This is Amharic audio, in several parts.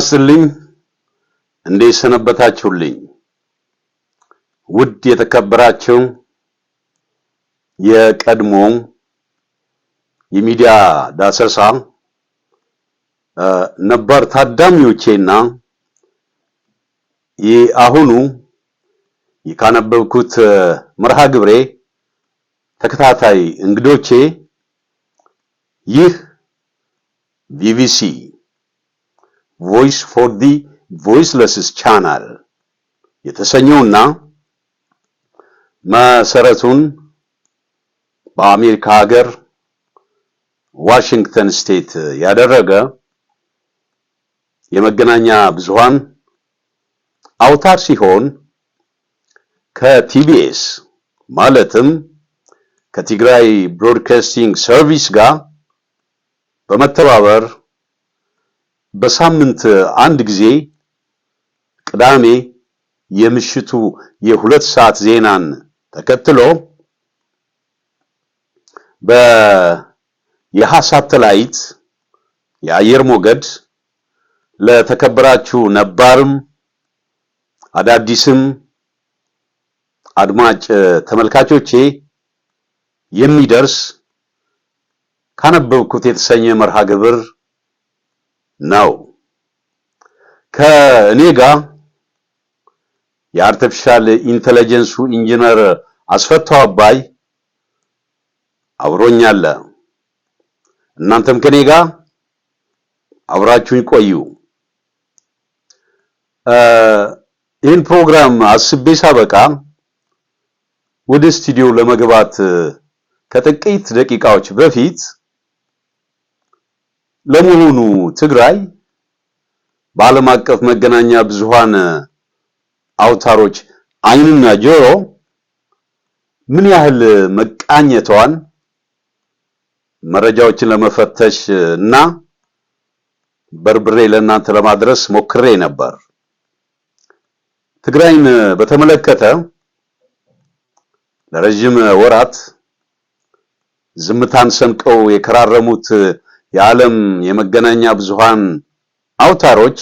ይስጥልኝ። እንዴ ሰነበታችሁልኝ? ውድ የተከበራችሁ የቀድሞ የሚዲያ ዳሰሳ ነባር ታዳሚዎቼና የአሁኑ የካነበብኩት መርሃ ግብሬ ተከታታይ እንግዶቼ ይህ ቢቢሲ ቮይስ ፎር ዲ ቮይስለስስ ቻናል የተሰኘውና መሰረቱን በአሜሪካ ሀገር ዋሽንግተን ስቴት ያደረገ የመገናኛ ብዙሃን አውታር ሲሆን ከቲቢኤስ ማለትም ከትግራይ ብሮድካስቲንግ ሰርቪስ ጋር በመተባበር በሳምንት አንድ ጊዜ ቅዳሜ የምሽቱ የሁለት ሰዓት ዜናን ተከትሎ በየሃ ሳተላይት የአየር ሞገድ ለተከበራችሁ ነባርም አዳዲስም አድማጭ ተመልካቾቼ የሚደርስ ካነበብኩት የተሰኘ መርሃ ግብር ነው። ከእኔ ጋር የአርቲፊሻል ኢንተለጀንሱ ኢንጂነር አስፈታው አባይ አብሮኛለ። እናንተም ከኔ ጋር አብራችሁኝ ቆዩ። ይህን ፕሮግራም አስቤ ሳበቃ ወደ ስቱዲዮ ለመግባት ከጥቂት ደቂቃዎች በፊት ለመሆኑ ትግራይ በዓለም አቀፍ መገናኛ ብዙሃን አውታሮች ዓይንና ጆሮ ምን ያህል መቃኘቷን መረጃዎችን ለመፈተሽ እና በርብሬ ለእናንተ ለማድረስ ሞክሬ ነበር። ትግራይን በተመለከተ ለረጅም ወራት ዝምታን ሰንቀው የከራረሙት የዓለም የመገናኛ ብዙሃን አውታሮች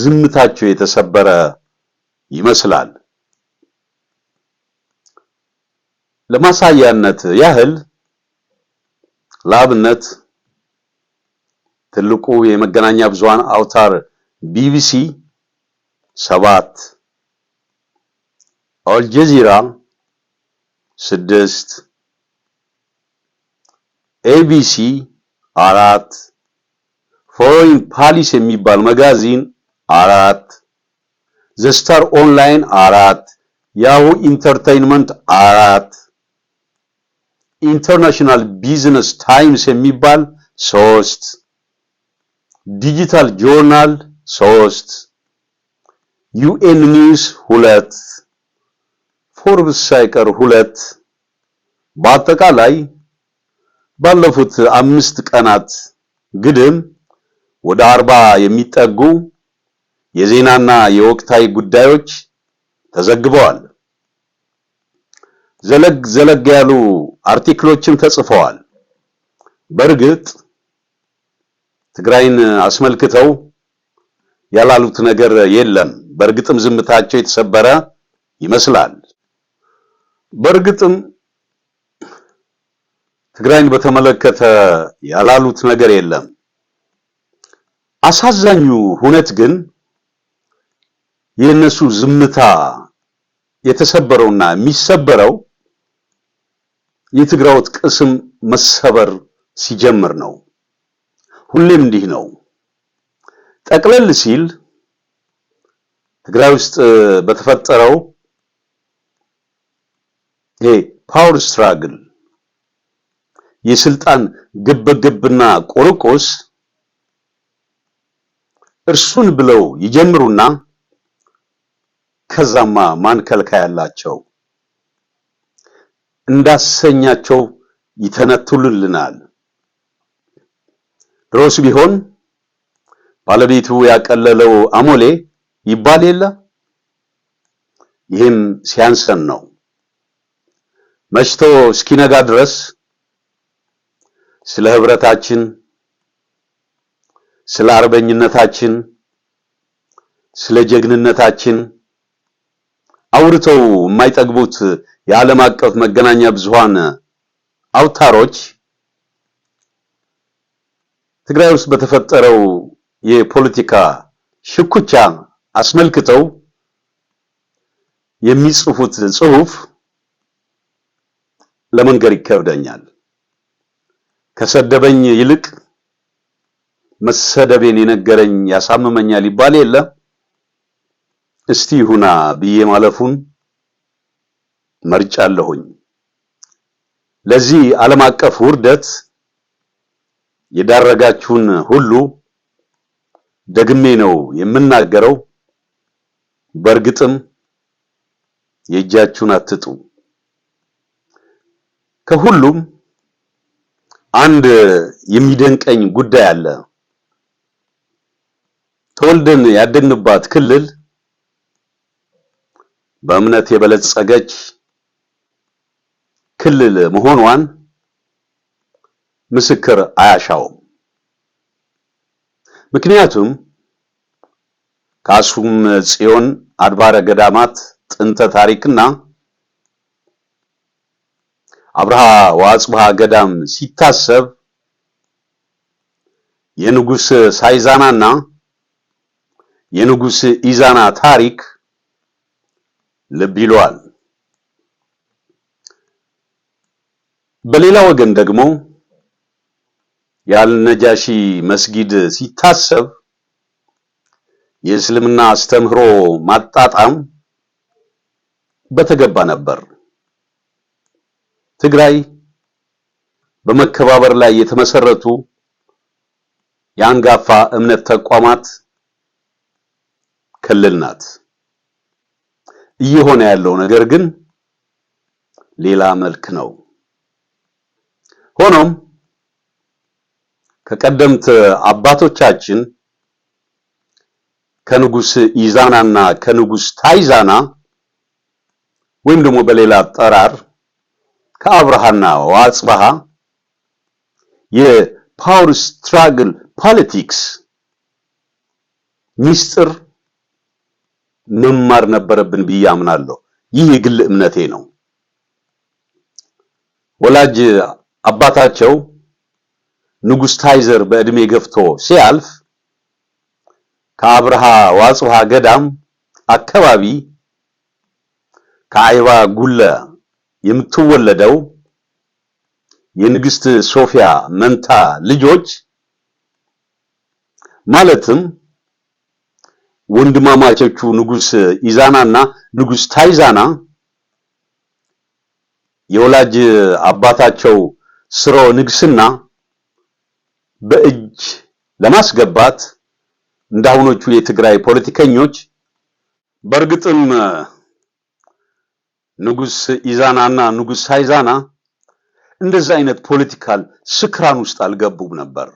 ዝምታቸው የተሰበረ ይመስላል። ለማሳያነት ያህል ለአብነት ትልቁ የመገናኛ ብዙሃን አውታር ቢቢሲ ሰባት፣ አልጀዚራ ስድስት ኤቢሲ አራት ፎሬን ፓሊስ የሚባል መጋዚን አራት ዘስታር ኦንላይን አራት ያሁ ኢንተርቴይንመንት አራት ኢንተርናሽናል ቢዝነስ ታይምስ የሚባል ሶስት ዲጂታል ጆርናል ሶስት ዩኤን ኒውስ ሁለት ፎርብስ ሳይቀር ሁለት በአጠቃላይ ባለፉት አምስት ቀናት ግድም ወደ አርባ የሚጠጉ የዜናና የወቅታዊ ጉዳዮች ተዘግበዋል። ዘለግ ዘለግ ያሉ አርቲክሎችም ተጽፈዋል። በእርግጥ ትግራይን አስመልክተው ያላሉት ነገር የለም። በእርግጥም ዝምታቸው የተሰበረ ይመስላል። በእርግጥም ትግራይን በተመለከተ ያላሉት ነገር የለም። አሳዛኙ ሁነት ግን የእነሱ ዝምታ የተሰበረውና የሚሰበረው የትግራዎት ቅስም መሰበር ሲጀምር ነው። ሁሌም እንዲህ ነው። ጠቅለል ሲል ትግራይ ውስጥ በተፈጠረው ይሄ ፓወር ስትራግል የስልጣን ግብግብና ቆርቆስ እርሱን ብለው ይጀምሩና ከዛማ ማንከልካይ ያላቸው እንዳሰኛቸው ይተነትሉልናል። ድሮስ ቢሆን ባለቤቱ ያቀለለው አሞሌ ይባል የለ። ይህም ሲያንሰን ነው። መሽቶ እስኪነጋ ድረስ ስለ ህብረታችን፣ ስለ አርበኝነታችን፣ ስለ ጀግንነታችን አውርተው የማይጠግቡት የዓለም አቀፍ መገናኛ ብዙሃን አውታሮች ትግራይ ውስጥ በተፈጠረው የፖለቲካ ሽኩቻ አስመልክተው የሚጽፉት ጽሑፍ ለመንገር ይከብደኛል። ከሰደበኝ ይልቅ መሰደቤን የነገረኝ ያሳምመኛል ይባል የለ እስቲ ይሁና ብዬ ማለፉን መርጫለሁኝ። ለዚህ ዓለም አቀፍ ውርደት የዳረጋችሁን ሁሉ ደግሜ ነው የምናገረው፣ በእርግጥም የእጃችሁን አትጡ። ከሁሉም አንድ የሚደንቀኝ ጉዳይ አለ። ተወልደን ያደግንባት ክልል በእምነት የበለጸገች ክልል መሆኗን ምስክር አያሻውም። ምክንያቱም ከአክሱም ጽዮን አድባረ ገዳማት ጥንተ ታሪክና አብርሃ ወአጽብሃ ገዳም ሲታሰብ የንጉስ ሳይዛናና የንጉስ ኢዛና ታሪክ ልብ ይለዋል። በሌላ ወገን ደግሞ የአልነጃሺ መስጊድ ሲታሰብ የእስልምና አስተምህሮ ማጣጣም በተገባ ነበር። ትግራይ በመከባበር ላይ የተመሰረቱ የአንጋፋ እምነት ተቋማት ክልል ናት። እየሆነ ያለው ነገር ግን ሌላ መልክ ነው። ሆኖም ከቀደምት አባቶቻችን ከንጉስ ኢዛናና ከንጉስ ታይዛና ወይም ደግሞ በሌላ አጠራር ከአብርሃና ዋጽባሃ የፓወር ስትራግል ፖለቲክስ ሚስጥር መማር ነበረብን ብዬ አምናለሁ። ይህ የግል እምነቴ ነው። ወላጅ አባታቸው ንጉሥ ታይዘር በእድሜ ገፍቶ ሲያልፍ ከአብርሃ ዋጽሃ ገዳም አካባቢ ከአይባ ጉለ የምትወለደው የንግስት ሶፊያ መንታ ልጆች ማለትም ወንድማማቾቹ ንጉስ ኢዛናና ንጉስ ታይዛና የወላጅ አባታቸው ስሮ ንግስና በእጅ ለማስገባት እንዳሁኖቹ የትግራይ ፖለቲከኞች በእርግጥም ንጉስ ኢዛናና ንጉስ ሳይዛና እንደዚህ አይነት ፖለቲካል ስክራን ውስጥ አልገቡም ነበር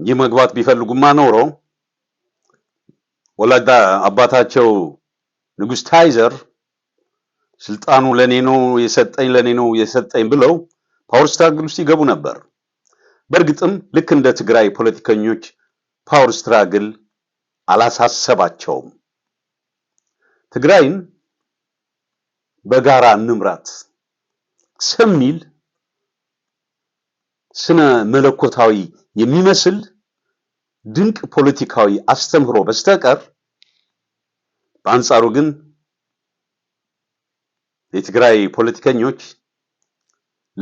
እንጂ መግባት ቢፈልጉማ ኖሮ ወላዳ አባታቸው ንጉስ ታይዘር ስልጣኑ ለኔ ነው የሰጠኝ ለኔ ነው የሰጠኝ ብለው ፓወር ስትራግል ውስጥ ይገቡ ነበር። በእርግጥም ልክ እንደ ትግራይ ፖለቲከኞች ፓወር ስትራግል አላሳሰባቸውም። ትግራይን በጋራ እንምራት ስሚል ስነ መለኮታዊ የሚመስል ድንቅ ፖለቲካዊ አስተምህሮ በስተቀር በአንጻሩ ግን የትግራይ ፖለቲከኞች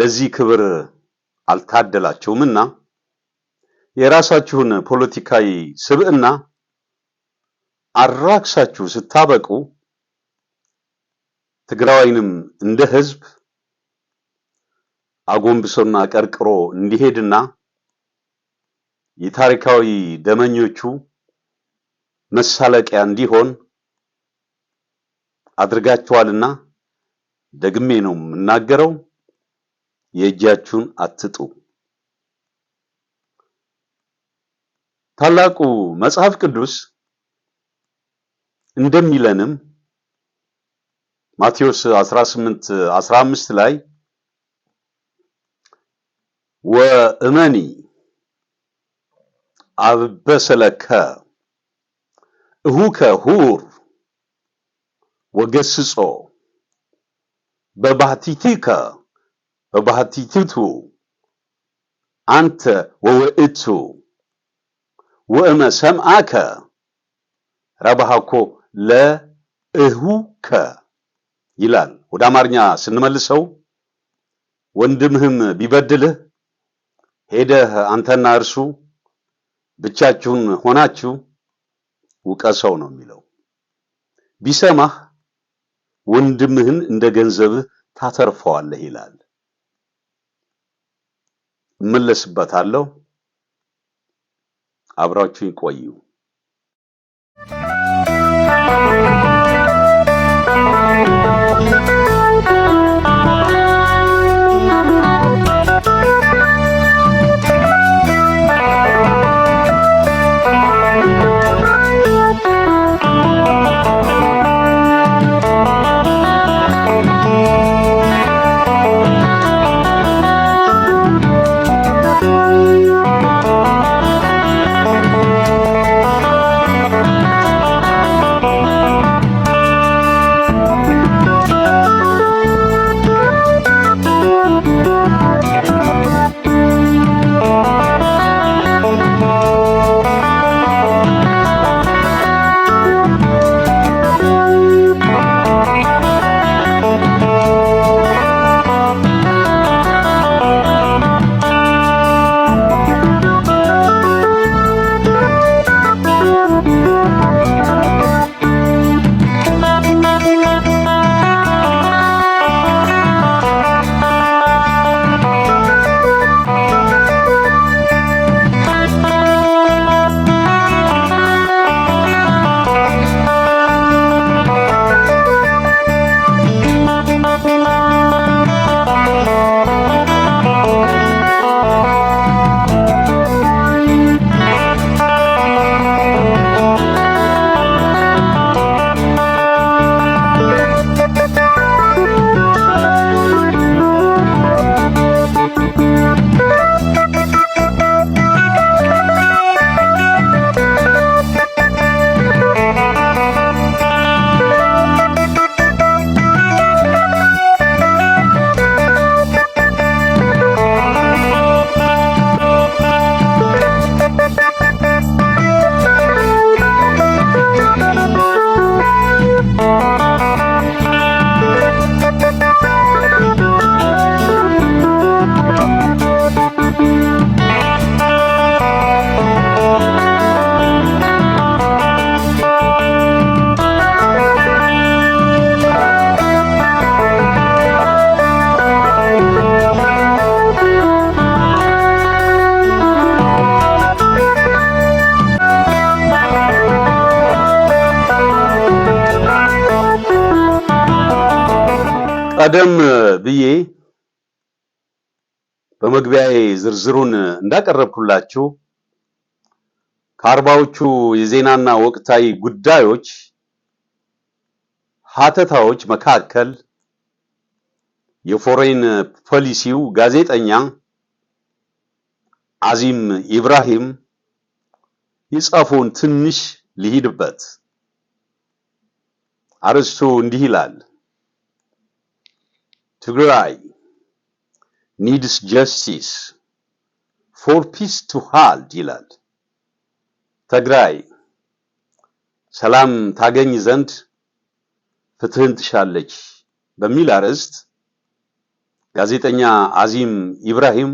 ለዚህ ክብር አልታደላቸውምና የራሳችሁን ፖለቲካዊ ስብዕና አራክሳችሁ ስታበቁ ትግራዋይንም እንደ ህዝብ አጎንብሶና ቀርቅሮ እንዲሄድና የታሪካዊ ደመኞቹ መሳለቂያ እንዲሆን አድርጋቸዋልና ደግሜ ነው የምናገረው፣ የእጃችሁን አትጡ። ታላቁ መጽሐፍ ቅዱስ እንደሚለንም ማቴዎስ 18 15 ላይ ወእመኒ አብበሰለከ እሁከ ሁር ወገስጾ በባህቲቲከ በባህቲቲቱ አንተ ወውእቱ ወእመ ሰምአከ ረባሃኮ ለእሁከ ይላል። ወደ አማርኛ ስንመልሰው ወንድምህም ቢበድልህ ሄደህ አንተና እርሱ ብቻችሁን ሆናችሁ ውቀሰው ነው የሚለው። ቢሰማህ ወንድምህን እንደ ገንዘብህ ታተርፈዋለህ ይላል። እመለስበታለሁ። አብራችሁ ቆዩ። ቀደም ብዬ በመግቢያዬ ዝርዝሩን እንዳቀረብኩላችሁ ከአርባዎቹ የዜናና ወቅታዊ ጉዳዮች ሀተታዎች መካከል የፎሬን ፖሊሲው ጋዜጠኛ አዚም ኢብራሂም የጻፈውን ትንሽ ልሂድበት። አርዕስቱ እንዲህ ይላል። ትግራይ ኒድስ ጀስቲስ ፎር ፒስ ቱ ሃልድ ይላል። ትግራይ ሰላም ታገኝ ዘንድ ፍትህን ትሻለች በሚል አርዕስት ጋዜጠኛ አዚም ኢብራሂም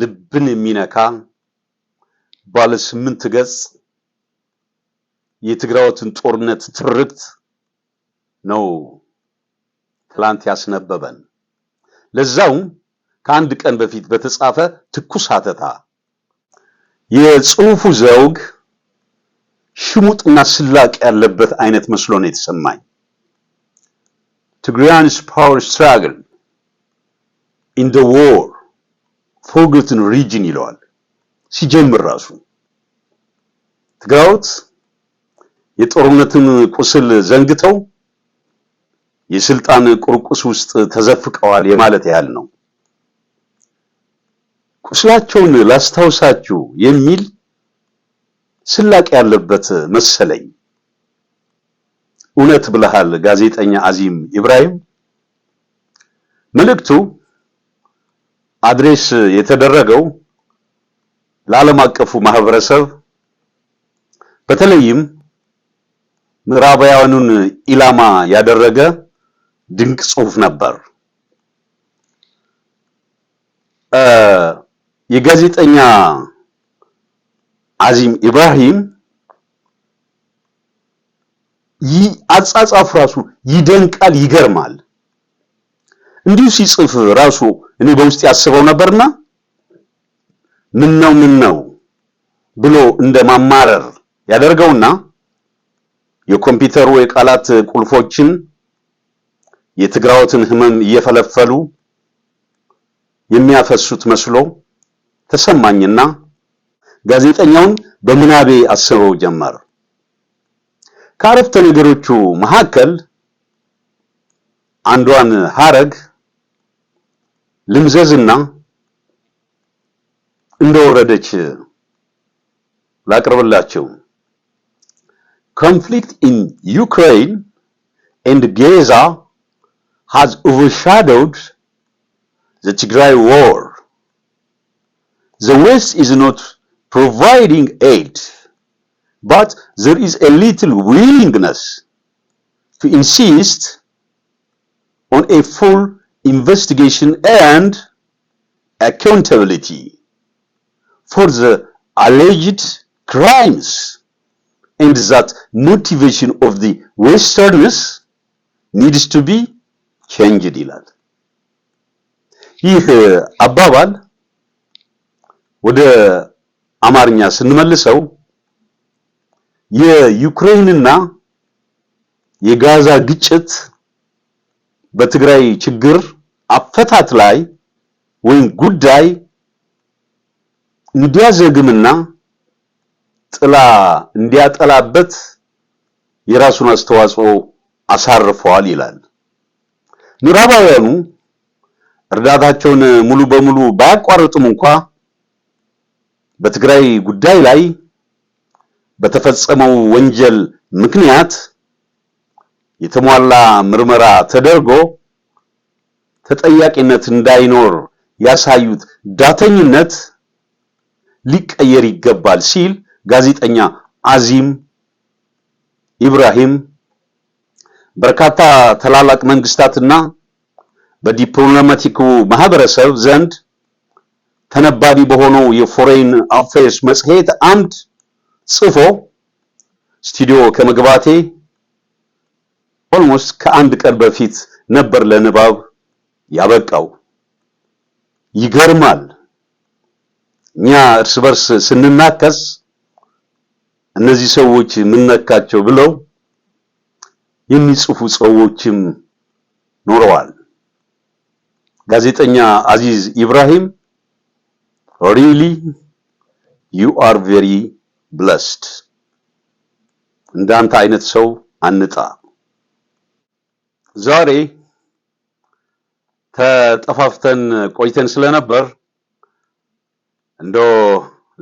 ልብን የሚነካ ባለ ስምንት ገጽ የትግራዎትን ጦርነት ትርክት ነው ትላንት ያስነበበን ለዛውም ከአንድ ቀን በፊት በተጻፈ ትኩስ ሐተታ። የጽሑፉ ዘውግ ሽሙጥና ስላቅ ያለበት አይነት መስሎ ነው የተሰማኝ። ትግራያንስ ፓወር ስትራግል ኢን ደ ዎር ፎርጎትን ሪጅን ይለዋል ሲጀምር ራሱ ትግራዎት የጦርነትን ቁስል ዘንግተው የስልጣን ቁርቁስ ውስጥ ተዘፍቀዋል የማለት ያህል ነው። ቁስላቸውን ላስታውሳችሁ የሚል ስላቅ ያለበት መሰለኝ። እውነት ብለሃል ጋዜጠኛ አዚም ኢብራሂም። መልእክቱ አድሬስ የተደረገው ለዓለም አቀፉ ማህበረሰብ በተለይም ምዕራባውያኑን ኢላማ ያደረገ ድንቅ ጽሁፍ ነበር። የጋዜጠኛ አዚም ኢብራሂም አጻጻፍ ራሱ ይደንቃል፣ ይገርማል። እንዲሁ ሲጽፍ ራሱ እኔ በውስጥ ያስበው ነበርና ምን ነው ምን ነው ብሎ እንደ ማማረር ያደርገውና የኮምፒውተሩ የቃላት ቁልፎችን የትግራዎትን ህመም እየፈለፈሉ የሚያፈሱት መስሎ ተሰማኝና ጋዜጠኛውን በምናቤ አስበው ጀመር። ከአረፍተ ነገሮቹ መካከል አንዷን ሀረግ ልምዘዝና እንደወረደች ላቅርብላቸው። ኮንፍሊክት ኢን ዩክሬን ኤንድ ጌዛ has overshadowed the Tigray war. The West is not providing aid, but there is a little willingness to insist on a full investigation and accountability for the alleged crimes and that motivation of the westerners needs to be ቼንጅድ ይላል። ይህ አባባል ወደ አማርኛ ስንመልሰው የዩክሬንና የጋዛ ግጭት በትግራይ ችግር አፈታት ላይ ወይም ጉዳይ እንዲያዘግምና ጥላ እንዲያጠላበት የራሱን አስተዋጽኦ አሳርፈዋል ይላል። ምዕራባውያኑ እርዳታቸውን ሙሉ በሙሉ ባያቋርጡም እንኳ በትግራይ ጉዳይ ላይ በተፈጸመው ወንጀል ምክንያት የተሟላ ምርመራ ተደርጎ ተጠያቂነት እንዳይኖር ያሳዩት ዳተኝነት ሊቀየር ይገባል ሲል ጋዜጠኛ አዚም ኢብራሂም በርካታ ታላላቅ መንግስታትና በዲፕሎማቲኩ ማህበረሰብ ዘንድ ተነባቢ በሆነው የፎሬን አፌርስ መጽሔት አምድ ጽፎ ስቱዲዮ ከመግባቴ ኦልሞስት ከአንድ ቀን በፊት ነበር ለንባብ ያበቃው። ይገርማል። እኛ እርስ በርስ ስንናከስ እነዚህ ሰዎች ነካቸው ብለው የሚጽፉ ሰዎችም ኖረዋል። ጋዜጠኛ አዚዝ ኢብራሂም ሪሊ ዩ አር ቬሪ ብለስድ፣ እንዳንተ አይነት ሰው አንጣ። ዛሬ ተጠፋፍተን ቆይተን ስለነበር እንዶ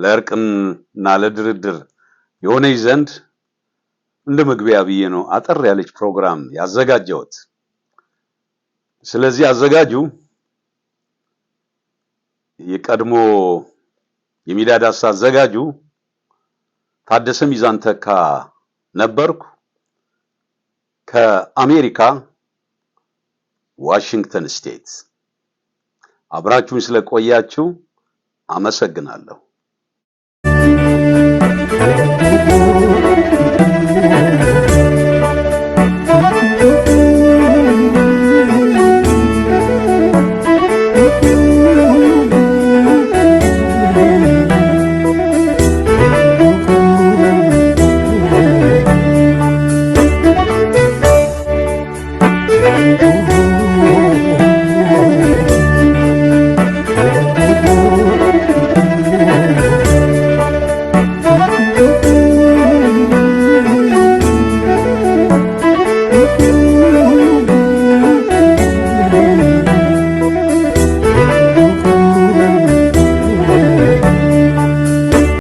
ለእርቅና ለድርድር የሆነ ዘንድ እንደ መግቢያ ብዬ ነው አጠር ያለች ፕሮግራም ያዘጋጀሁት። ስለዚህ አዘጋጁ የቀድሞ የሚዳዳስ አዘጋጁ ታደሰ ሚዛን ተካ ነበርኩ ከአሜሪካ ዋሽንግተን ስቴት። አብራችሁን ስለቆያችሁ አመሰግናለሁ። Oh.